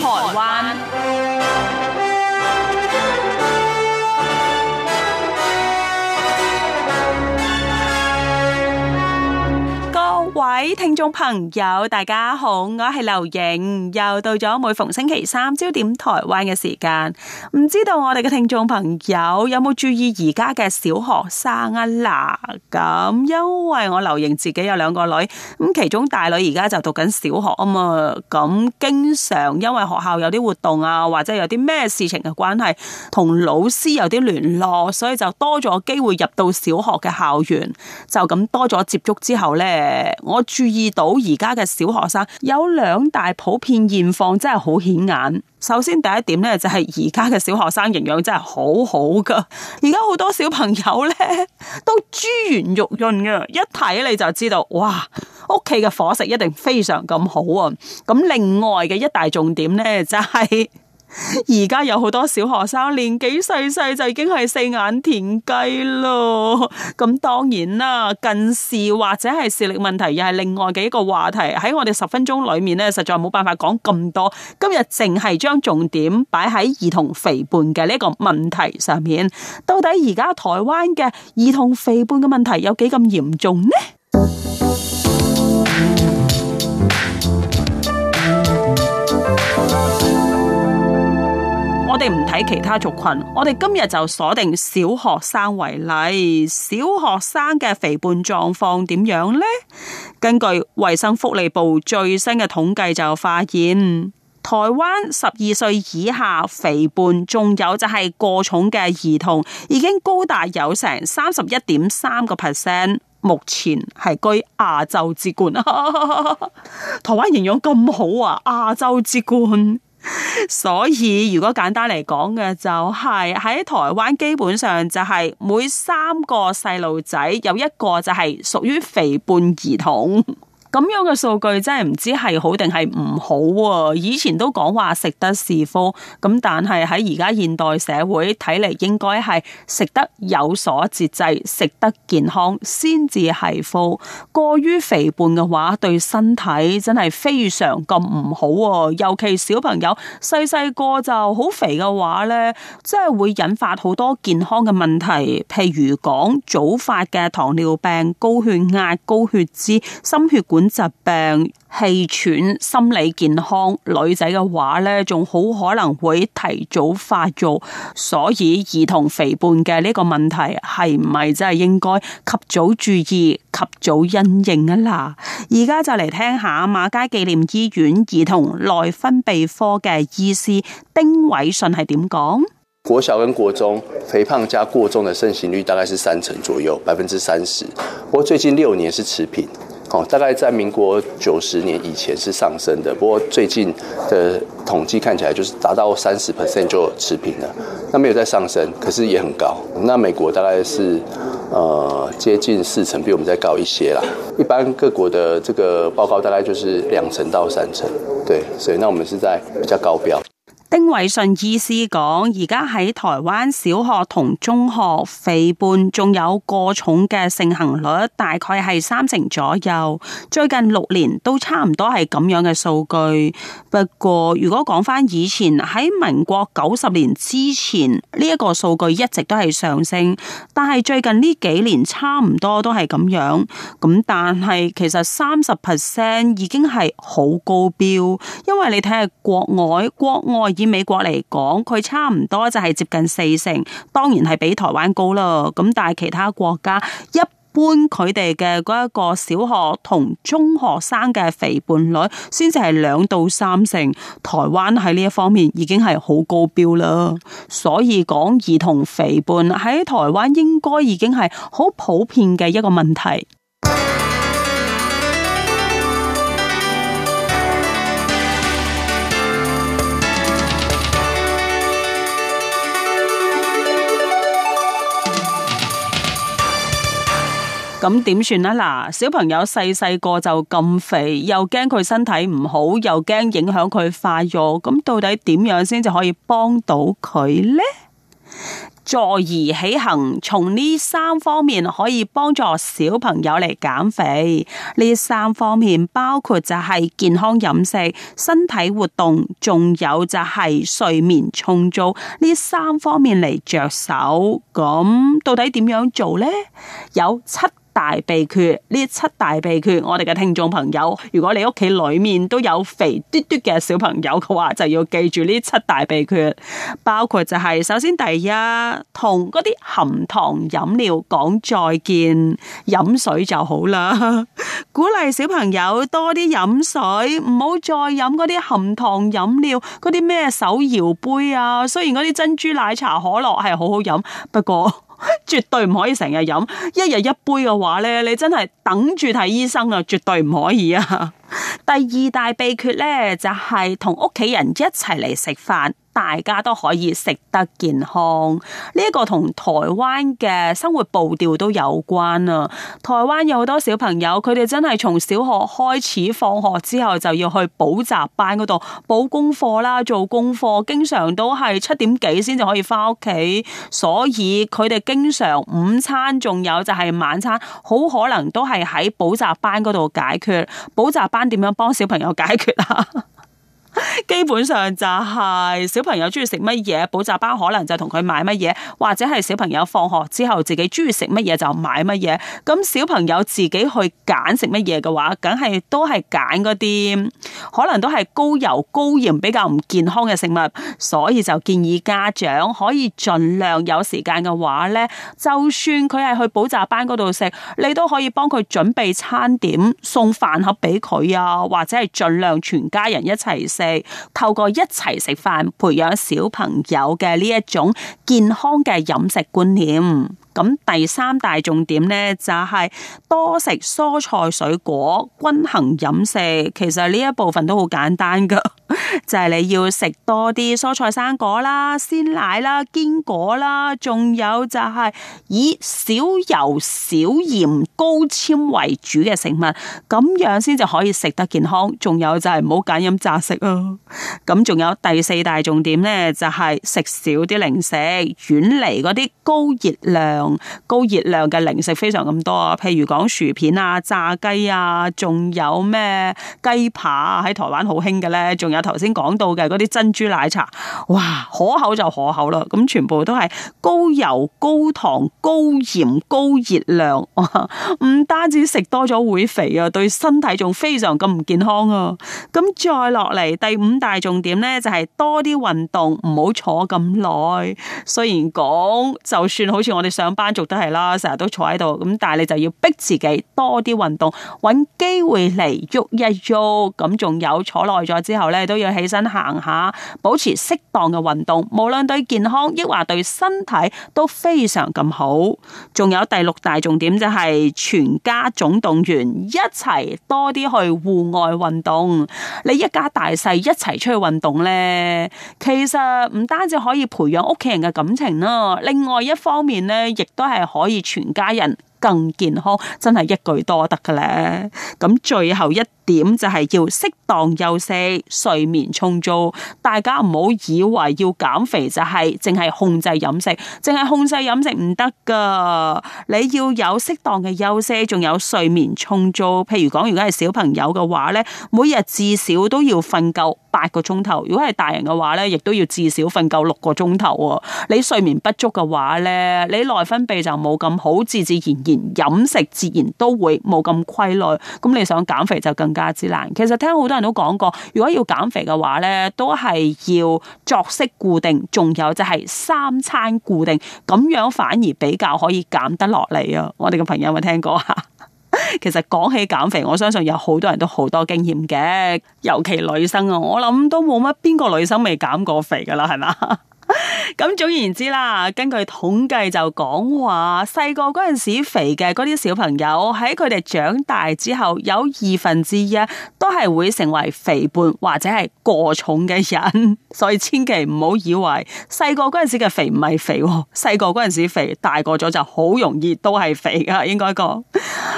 台灣。位聽眾朋友，大家好，我係劉瑩，又到咗每逢星期三焦點台灣嘅時間。唔知道我哋嘅聽眾朋友有冇注意而家嘅小學生啊？嗱，咁因為我劉瑩自己有兩個女，咁其中大女而家就讀緊小學啊嘛，咁經常因為學校有啲活動啊，或者有啲咩事情嘅關係，同老師有啲聯絡，所以就多咗機會入到小學嘅校園，就咁多咗接觸之後咧，我。注意到而家嘅小學生有兩大普遍現況，真係好顯眼。首先第一點呢，就係而家嘅小學生營養真係好好㗎。而家好多小朋友呢，都豬圓肉潤嘅，一睇你就知道，哇！屋企嘅伙食一定非常咁好啊。咁另外嘅一大重點呢，就是，就係。而家有好多小學生年紀細細就已經係四眼田雞咯，咁當然啦，近視或者係視力問題又係另外嘅一個話題。喺我哋十分鐘裏面呢，實在冇辦法講咁多。今日淨係將重點擺喺兒童肥胖嘅呢個問題上面。到底而家台灣嘅兒童肥胖嘅問題有幾咁嚴重呢？我哋唔睇其他族群，我哋今日就鎖定小學生為例。小學生嘅肥胖狀況點樣咧？根據衛生福利部最新嘅統計就發現，台灣十二歲以下肥胖仲有就係過重嘅兒童，已經高達有成三十一點三個 percent，目前係居亞洲之冠。 台灣營養咁好啊，亞洲之冠。 所以如果簡單嚟講嘅就係、是、喺台灣基本上就係每三個細路仔有一個就係屬於肥胖兒童。咁樣嘅數據真係唔知係好定係唔好喎、啊。以前都講話食得是福，咁但係喺而家現代社會睇嚟，應該係食得有所節制，食得健康先至係福。過於肥胖嘅話，對身體真係非常咁唔好、啊。尤其小朋友細細個就好肥嘅話呢，真係會引發好多健康嘅問題，譬如講早發嘅糖尿病、高血壓、高血脂、心血管。本疾病、氣喘、心理健康，女仔嘅話咧，仲好可能會提早發育，所以兒童肥胖嘅呢個問題係唔係真係應該及早注意、及早因應啊啦？而家就嚟聽下馬偕紀念醫院兒童內分泌科嘅醫師丁偉信係點講？國小跟國中肥胖加過重嘅盛行率，大概是三成左右，百分之三十。不過最近六年是持平。哦，大概在民國九十年以前是上升的，不過最近的統計看起來就是達到三十 percent 就持平了，那沒有再上升，可是也很高。那美國大概是，呃，接近四成，比我們再高一些啦。一般各國的這個報告大概就是兩成到三成，對，所以那我們是在比較高標。丁偉信醫師講：而家喺台灣小學同中學肥胖仲有過重嘅盛行率，大概係三成左右。最近六年都差唔多係咁樣嘅數據。不過如果講翻以前，喺民國九十年之前呢一個數據一直都係上升，但係最近呢幾年差唔多都係咁樣。咁但係其實三十 percent 已經係好高標，因為你睇下國外，國外。以美國嚟講，佢差唔多就係接近四成，當然係比台灣高啦。咁但係其他國家一般佢哋嘅嗰一個小學同中學生嘅肥胖率，先至係兩到三成。台灣喺呢一方面已經係好高標啦，所以講兒童肥胖喺台灣應該已經係好普遍嘅一個問題。咁點算啊？嗱，小朋友細細個就咁肥，又驚佢身體唔好，又驚影響佢發育。咁到底點樣先至可以幫到佢呢？坐而起行，從呢三方面可以幫助小朋友嚟減肥。呢三方面包括就係健康飲食、身體活動，仲有就係睡眠充足。呢三方面嚟着手，咁到底點樣做呢？有七。大秘訣，呢七大秘訣，我哋嘅聽眾朋友，如果你屋企裏面都有肥嘟嘟嘅小朋友嘅話，就要記住呢七大秘訣，包括就係首先第一，同嗰啲含糖飲料講再見，飲水就好啦。鼓勵小朋友多啲飲水，唔好再飲嗰啲含糖飲料，嗰啲咩手搖杯啊。雖然嗰啲珍珠奶茶、可樂係好好飲，不過。絕對唔可以成日飲，一日一杯嘅話咧，你真係等住睇醫生啊！絕對唔可以啊！第二大秘訣呢，就係同屋企人一齊嚟食飯，大家都可以食得健康。呢一個同台灣嘅生活步調都有關啦。台灣有好多小朋友，佢哋真係從小學開始，放學之後就要去補習班嗰度補功課啦，做功課，經常都係七點幾先至可以返屋企，所以佢哋經常午餐仲有就係晚餐，好可能都係喺補習班嗰度解決補習班。點樣幫小朋友解決啊？ 基本上就係小朋友中意食乜嘢，補習班可能就同佢買乜嘢，或者係小朋友放學之後自己中意食乜嘢就買乜嘢。咁小朋友自己去揀食乜嘢嘅話，梗係都係揀嗰啲可能都係高油高鹽比較唔健康嘅食物，所以就建議家長可以盡量有時間嘅話呢，就算佢係去補習班嗰度食，你都可以幫佢準備餐點，送飯盒俾佢啊，或者係盡量全家人一齊食。透過一齊食飯，培養小朋友嘅呢一種健康嘅飲食觀念。咁第三大重點呢，就係多食蔬菜水果，均衡飲食。其實呢一部分都好簡單噶。就係你要食多啲蔬菜生果啦、鮮奶啦、堅果啦，仲有就係以少油少鹽高纖為主嘅食物，咁樣先就可以食得健康。仲有就係唔好揀飲擇食啊。咁仲有第四大重點呢，就係食少啲零食，遠離嗰啲高熱量、高熱量嘅零食，非常咁多。譬如講，薯片啊、炸雞啊，仲有咩雞扒喺台灣好興嘅呢。仲有。頭先講到嘅啲珍珠奶茶，哇，可口就可口啦。咁全部都係高油、高糖、高鹽、高熱量，哇，唔單止食多咗會肥啊，對身體仲非常咁唔健康啊。咁再落嚟第五大重點咧，就係多啲運動，唔好坐咁耐。雖然講，就算好似我哋上班族都係啦，成日都坐喺度，咁但係你就要逼自己多啲運動，揾機會嚟喐一喐。咁仲有坐耐咗之後咧。都要起身行下，保持適當嘅運動，無論對健康抑或對身體都非常咁好。仲有第六大重點就係全家總動員，一齊多啲去戶外運動。你一家大細一齊出去運動呢，其實唔單止可以培養屋企人嘅感情啦，另外一方面呢，亦都係可以全家人更健康，真係一舉多得嘅咧。咁最後一。點就係要適當休息、睡眠充足。大家唔好以為要減肥就係淨係控制飲食，淨係控制飲食唔得㗎。你要有適當嘅休息，仲有睡眠充足。譬如講，如果係小朋友嘅話咧，每日至少都要瞓夠八個鐘頭；如果係大人嘅話咧，亦都要至少瞓夠六個鐘頭。你睡眠不足嘅話咧，你內分泌就冇咁好，自自然然飲食自然都會冇咁規律。咁你想減肥就更。家之難，其實聽好多人都講過，如果要減肥嘅話咧，都係要作息固定，仲有就係三餐固定，咁樣反而比較可以減得落嚟啊！我哋嘅朋友有冇聽過啊？ 其實講起減肥，我相信有好多人都好多經驗嘅，尤其女生啊，我諗都冇乜邊個女生未減過肥㗎喇，係嘛？ 咁總言之啦，根據統計就講，話細個嗰陣時肥嘅嗰啲小朋友，喺佢哋長大之後，有二分之一都係會成為肥胖或者係過重嘅人，所以千祈唔好以為細個嗰陣時嘅肥唔係肥喎，細個嗰陣時肥，大個咗就好容易都係肥噶，應該講。